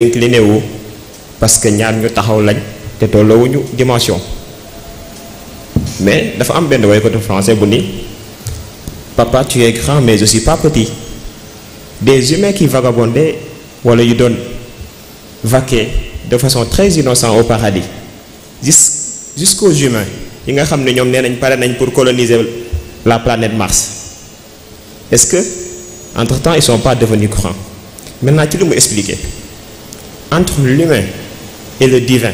incliné wu parce que ñaar ñu taxaw lañ te tolloowuñu dimension mais dafa am benn woykatu français bu ni papa tu es grand mais je suis des humains qui vagabondaient wala yu doon vaquer de façon très innocente au paradis jus jusqu'aux humains yi nga xam ne ñoom nee nañ pare nañ pour coloniser la planète Mars est-ce que entre temps ils sont pas devenus grands maintenant ci lu mu entre l'humain et le divin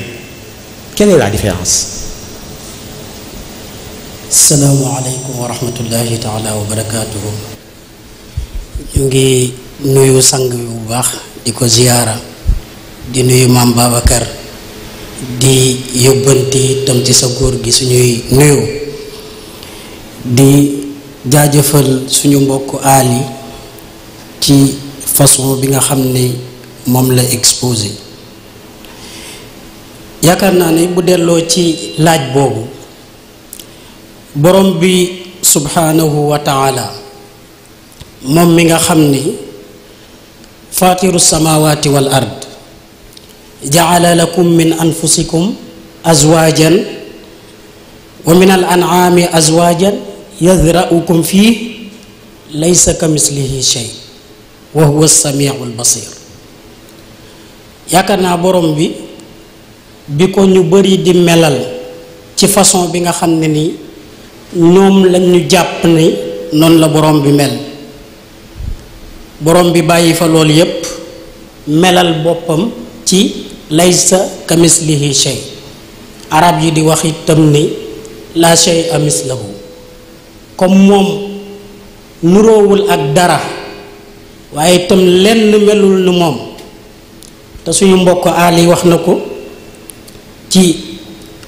quelle est la différence salaamaaleykum wa rahmatullahi taala wa barakaatuhu ñu ngi nuyu sang bi bu baax di ko ziyaara di nuyu maam Babacar di yóbbanti tam ci sa góor gi suñuy nuyu di jaajëfal suñu mbokk aali ci façon bi nga xam ne moom la exposé yaakaar naa ni bu delloo ci laaj boobu borom bi subhanahu wa taala moom mi nga xam ni faatiru samawati wal ard jacala lakum min anfusikum azwaajan wa min al ancaami azwaajan yadra'ukum fii laysa ka mislihi shay wa huwa samiu albasir yaakaar naa borom bi bi ko ñu bari di melal ci façon bi nga xam ne ni ñoom lañu jàpp ni noonu la borom bi mel borom bi bàyyi fa loolu yépp melal boppam ci laysa kamislihi shay arab yi di wax itam ni la shay amislahu comme moom nuroowul ak dara waaye itam lenn melul ni moom te suñu mbokk aali wax na ko ci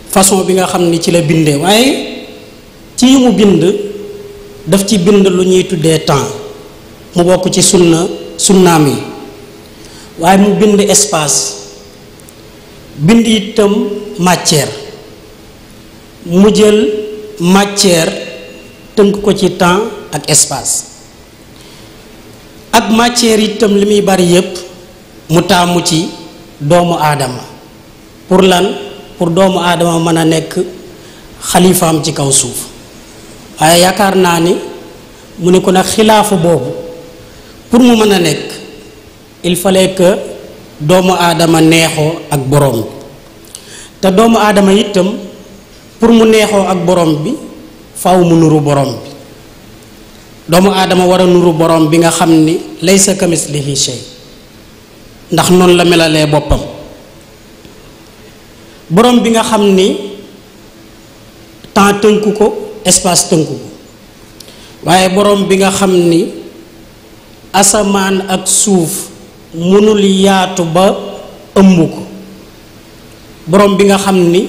façon bi nga xam ni ci la bindee waaye ci yu mu bind daf ci bind lu ñuy tuddee temps mu bokk ci sunna sunnaam yi waaye mu bind espace bind itam matière mu jël matière tënk ko ci temps ak espace ak matière itam li muy bari yépp mu taamu ci doomu aadama pour lan pour doomu aadama mën a nekk xalifaam ci kaw suuf waaye yaakaar naa ni mu ne ko nag xilaafu boobu pour mu mën a nekk il fallait que doomu aadama neexoo ak borom bi te doomu aadama itam pour mu neexoo ak borom bi faw mu nuru borom bi doomu aadama war a nuru borom bi nga xam ni sa kamis shay ndax noonu la melalee boppam borom bi nga xam ni temps tënku ko espace tënku ko waaye borom bi nga xam ni asamaan ak suuf mënul yaatu ba ëmb ko borom bi nga xam ni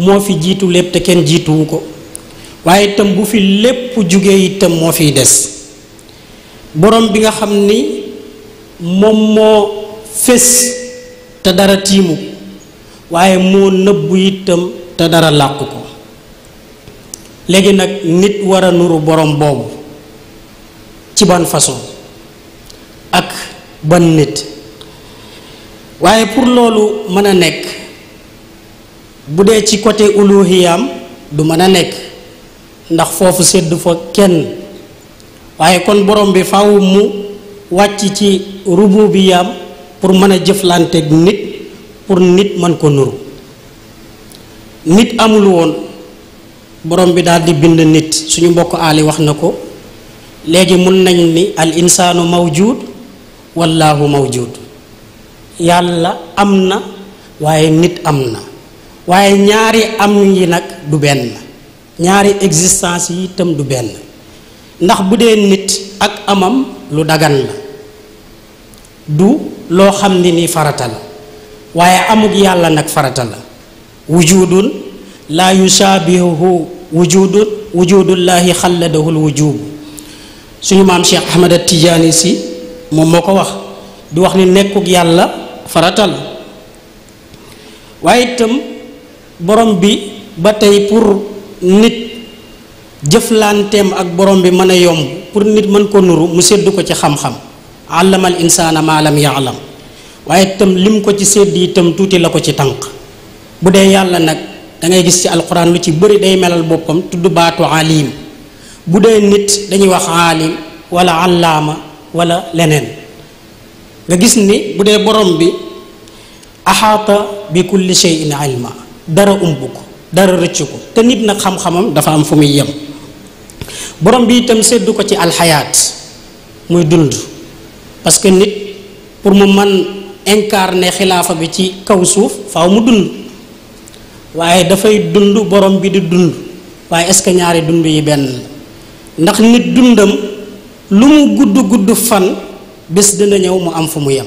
moo fi jiitu lépp te kenn jiituwu ko waaye itam bu fi lépp jugee itam moo fiy des borom bi nga xam ni moom moo fés te dara tiimu ko waaye moo nëbbu itam te dara làqu ko léegi nag nit war a nuru borom boobu ci ban façon ak ban nit waaye pour loolu mën a nekk bu dee ci côté uluhiyaam du mën a nekk ndax foofu sédd fa kenn waaye kon borom bi faaw mu wàcc ci rububiyaam pour mën a jëflanteeg nit pour nit mën ko nuru nit amul woon borom bi daal di bind nit suñu mbokk aali wax na ko léegi mun nañ ni al insaanu mawjud wallaahu mawjud yàlla am na waaye nit am na waaye ñaari am yi nag du benn ñaari existence yi itam du benn ndax bu dee nit ak amam lu dagan la du loo xam ne ni farata la waaye amug yàlla nag farata la wujudun laa yusaabihuhu wujudun wujudullaahi xalladahul wujubu suñu maam Cheikh Ahmad Tijaani si moom moo ko wax di wax ni nekkuk yàlla farata la waaye itam borom bi ba tey pour nit jëflanteem ak borom bi mën a yomb pour nit mën koo nuru mu sedd ko ci xam-xam àllamal insaana maa lam yaalam waaye tam lim ko ci sédd yi tam tuuti la ko ci tànk bu dee yàlla nag dangay gis ci alquran lu ci bëri day melal boppam tudd baatu alim bu dee nit dañuy wax alim wala allaama wala leneen nga gis ni bu dee borom bi axaata bi kulli shay'in ilma dara umb ko dara rëcc ko te nit nag xam-xamam dafa am fu muy yem borom bi itam séddu ko ci alxayaat muy dund parce que nit pour mu mën incarner xilaafa bi ci kaw suuf faaw mu dund waaye dafay dund borom bi di dund waaye est-ce ñaari dund yi benn ndax nit dundam lu mu gudd gudd fan bés dina ñëw mu am fu mu yem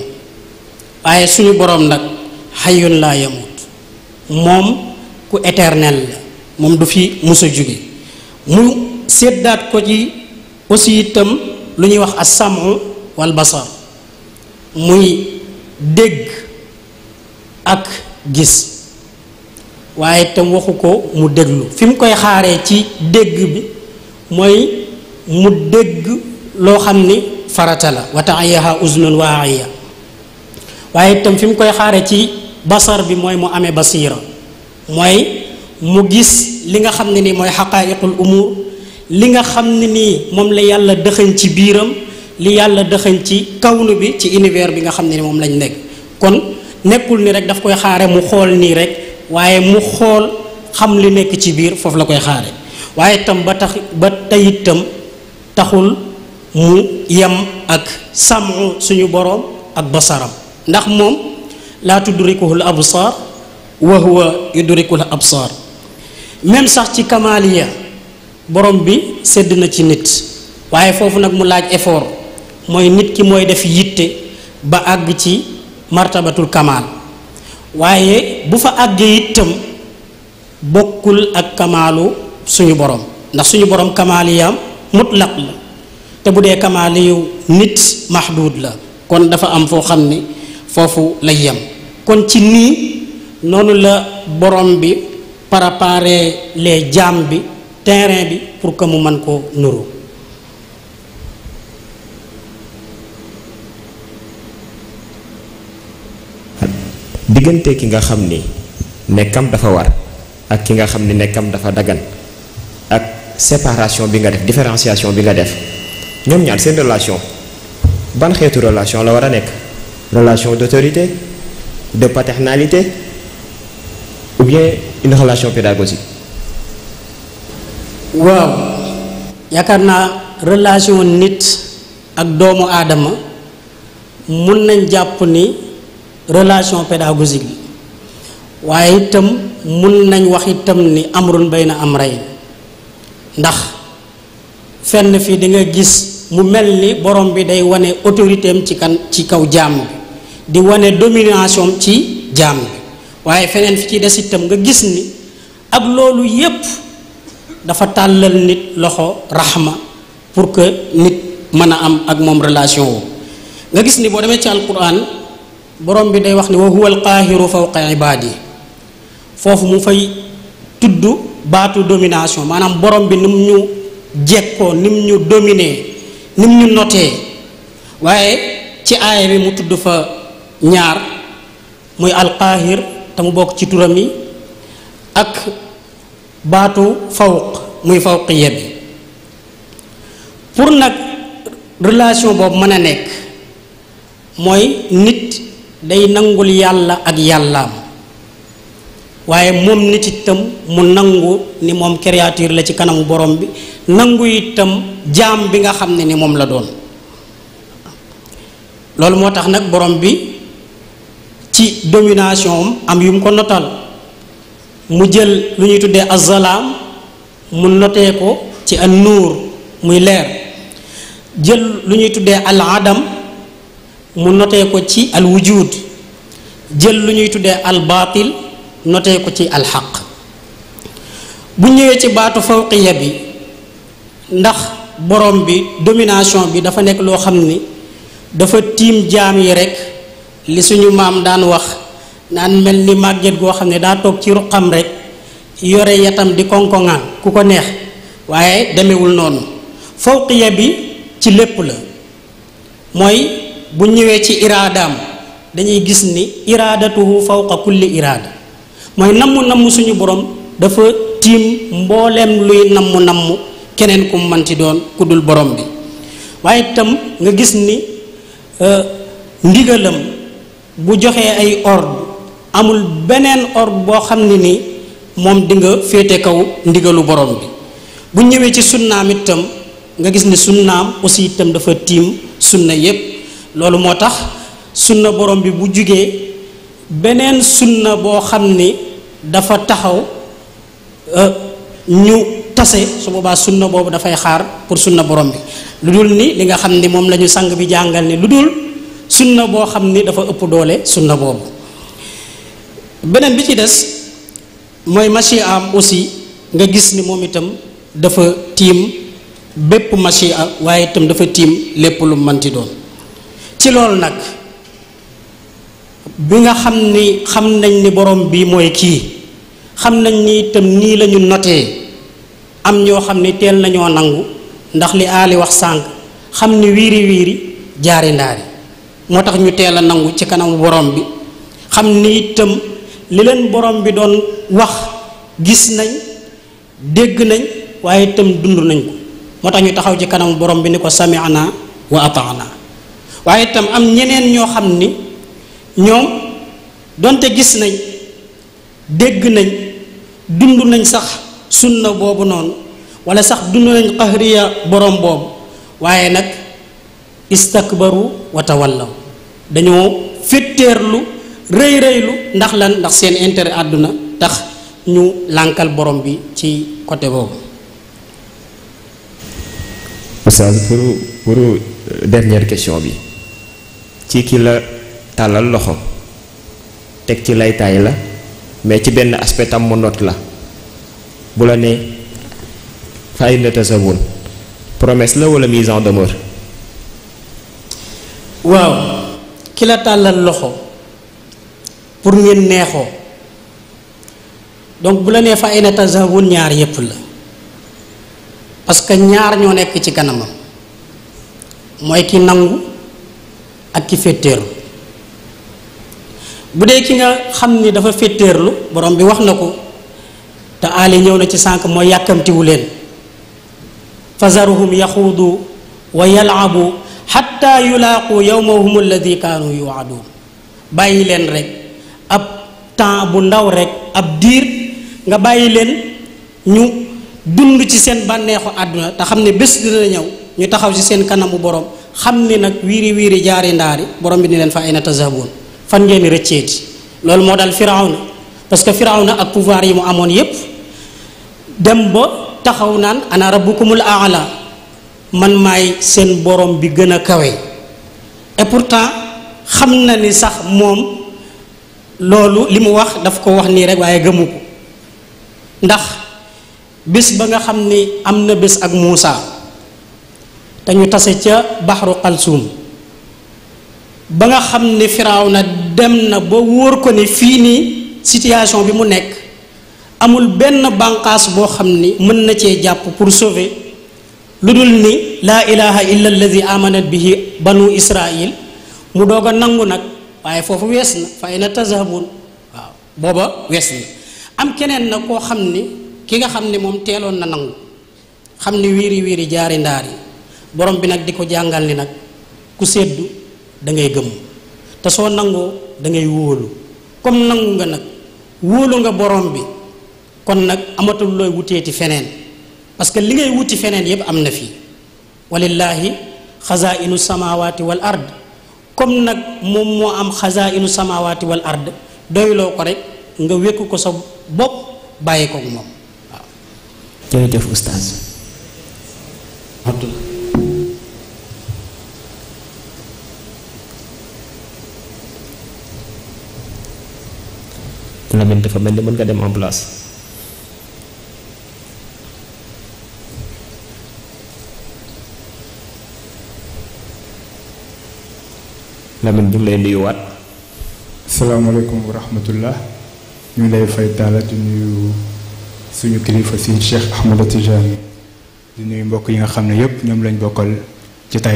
waaye suñu borom nag xayyun laa yamut moom ku éternel la moom du fi musa jóge mu seddaat ko ci aussi itam lu ñuy wax as-sam'u wal basar muy dégg ak gis waaye tam waxu ko mu déglu fi koy xaaree ci dégg bi mooy mu dégg loo xam ni farata la wata ayaha uznun waaxiya waaye itam fi koy xaare ci basar bi mooy mu amee basiira mooy mu gis li nga xam ne ni mooy xaqaayiqul umur li nga xam ne nii moom la yàlla dëxañ ci biiram li yàlla dëxañ ci kawnu bi ci univers bi nga xam ne ni moom lañ nekk kon nekkul ni rek daf koy xaare mu xool nii rek waaye mu xool xam li nekk ci biir foofu la koy xaare waaye tam ba tax ba tey itam taxul mu yem ak sàmmu suñu boroom ak basaram ndax moom laa tudrikuhu l absar wa huwa yudrikul absar même sax ci kamaliya borom bi sedd na ci nit waaye foofu nag mu laaj effort mooy nit ki mooy def yitte ba àgg ci martabatul kamaal waaye bu fa àggee itam bokkul ak kamaalu suñu borom ndax suñu borom kamaal yaam mutlaq la te bu dee kamaal yu nit maxduud la kon dafa am foo xam ni foofu la yem kon ci nii noonu la borom bi préparé les jaam bi terrain bi pour que man koo nuru diggante ki nga xam ni nekkam dafa war ak ki nga xam ni nekkam dafa dagan ak séparation bi nga def différenciation bi nga def ñoom ñaar seen relation ban xeetu relation la war a nekk relation d'autorité de paternalité ou bien une relation pédagogique waaw yaakaar naa relation nit ak doomu aadama mun nañ jàpp ni relation pédagogique bi waaye itam mun nañ wax itam ni amrun bay na am rey ndax fenn fi di nga gis mu mel ni borom bi day wane autorité am ci kan ci kaw jàmm bi di wane domination ci jaam bi waaye feneen fi ci des itam nga gis ni ab loolu yépp dafa tàllal nit loxo raxma pour que nit mën a am ak moom relation woo nga gis ni boo demee ci alquran borom bi day wax ni wa huwa alqaahiru fawqa ibaadi foofu mu fay tudd baatu domination maanaam borom bi nim ñu jekkoo nim ñu dominer nim ñu notee waaye ci aaya bi mu tudd fa ñaar muy alqaahir te mu bokk ci turam yi ak baatu fawq muy fawqiya bi pour nag relation boobu mën a nekk mooy nit day nangul yàlla ak yàllaam waaye moom nit itam mu nangu ni moom créature la ci kanamu borom bi nangu itam jaam bi nga xam ne ni moom la doon loolu moo tax nag borom bi ci domination am yu mu ko notal mu jël lu ñuy tuddee azalaam mu notee ko ci an nuur muy leer jël lu ñuy tuddee al adam mu notee ko ci al wujud jël lu ñuy tuddee al baatil notee ko ci al xaq bu ñëwee ci baatu fawqiya bi ndax borom bi domination bi dafa nekk loo xam ni dafa tiim jaam yi rekk li suñu maam daan wax daan mel ni màgget goo xam ne daa toog ci ruqam rekk yore yatam di konkongaan ku ko neex waaye demewul noonu fawqiya bi ci lépp la mooy bu ñëwee ci iraadaam dañuy gis ni iraadatuhu fawqa kulli iraada mooy namm namm suñu borom dafa tiim mboolem luy namm namm keneen ku man ci doon ku dul borom bi waaye itam nga gis ni euh, ndigalam bu joxee ay ordre amul beneen ordre boo xam ne nii moom di nga féete kaw ndigalu borom bi bu ñëwee ci sunnaam itam nga gis ne sunnaam aussi itam dafa tiim sunna yépp loolu moo tax sunna borom bi bu jugee beneen sunna boo xam ni dafa taxaw euh, ñu tase su boobaa sunna boobu dafay xaar pour sunna borom bi lu dul ni li nga xam ni moom la ñu sang bi jàngal ni lu dul sunna boo xam ni dafa ëpp doole sunna boobu beneen bi ci des mooy machi am aussi nga gis ni moom itam dafa tiim bépp machi a waaye itam dafa tiim lépp lu manti doon ci loolu nag bi nga xam ni xam nañ ni borom bi mooy kii xam nañ ni itam nii lañu notee am ñoo xam ni teel nañoo nangu ndax li aali wax sànq xam ni wiiri wiiri jaari ndaari moo tax ñu teel a nangu ci kanamu borom bi xam ni itam li leen borom bi doon wax gis nañ dégg nañ waaye itam dund nañ ko moo tax ñu taxaw ci kanamu borom bi ni ko sami'na wa ata'na waaye itam am ñeneen ñoo xam ni ñoom donte gis nañ dégg nañ dund nañ sax sunna boobu noonu wala sax dund nañ qahriya borom boobu waaye nag istakbaru wa tawallaw dañoo féttéerlu rëy rëylu ndax lan ndax seen intérêt àdduna tax ñu lànkal borom bi ci côté boobu. oustaz pour pour euh, dernière question bi ci ki la tàllal loxo teg ci laytaay la mais ci benn aspect tam mu la bu la ne fay na tasawun promesse la wala mise en waaw ki la tàllal loxo. pour ngeen neexoo donc bu la nee fa ay na ñaar yépp la parce que ñaar ñoo nekk ci kanamam mooy ki nangu ak ki féeteerlu bu dee ki nga xam ni dafa féeteerlu borom bi wax na ko te aali ñëw na ci sànq mooy yàkkamtiwu leen fazaruhum yaxuudu wa yalaabu xatta yulaaqu yowmahum alladi kaanu yuwaadun bàyyi leen rek ab temps bu ndaw rek ab diir nga bàyyi leen ñu dund ci seen bànneexu àdduna te xam ne bés dina ñëw ñu taxaw ci seen kanamu borom xam ne nag wiiri wiiri jaari ndaari borom bi ni leen fa ay na tazabuun fan ngeen rëcceeti loolu moo dal firawna parce que na ak pouvoir yi mu amoon yépp dem ba taxaw naan ana rabbukumul aala man maay seen borom bi gën a kawee et pourtant xam na ni sax moom loolu li mu wax daf ko wax nii rek waaye gëmu ko ndax bés ba nga xam ni am na bés ak Muusa dañu tase ca baxaru xalsuum ba nga xam ni firaaw na dem na ba wóor ko ni fii nii situation bi mu nekk amul benn bànqaas boo xam ni mën na cee jàpp pour sauver lu dul ni laa ilaha illa allazi amanat bihi banu israil mu doog a nangu nag waaye foofu wees na fa ay na tazahabuun waaw booba wees na am keneen na koo xam ni ki nga xam ni moom teeloon na nangu xam ni wiiri wiiri jaari ndaar yi borom bi nag di ko jàngal ni nag ku seddu da ngay gëm te soo nangoo da ngay wóolu comme nangu nga nag wóolu nga borom bi kon nag amatul looy wuteeti feneen parce que li ngay wuti feneen yépp am na fii walillaahi xazainu samawati wal ard comme nag moom moo am xazainu samawaati wal ard doyloo ko rek nga wékku ko sa bopp bàyyi ko moom waaw jërëjëf oustaz abdullah Lamine mën nga dem en Lamine ñu ngi lay nuyuwaat. wa rahmatullah ñu ngi lay fay taala di nuyu suñu kilifa si Cheikh Ahmada Tijani di nuyu mbokk yi nga xam ne yépp ñoom lañ bokkal ci tay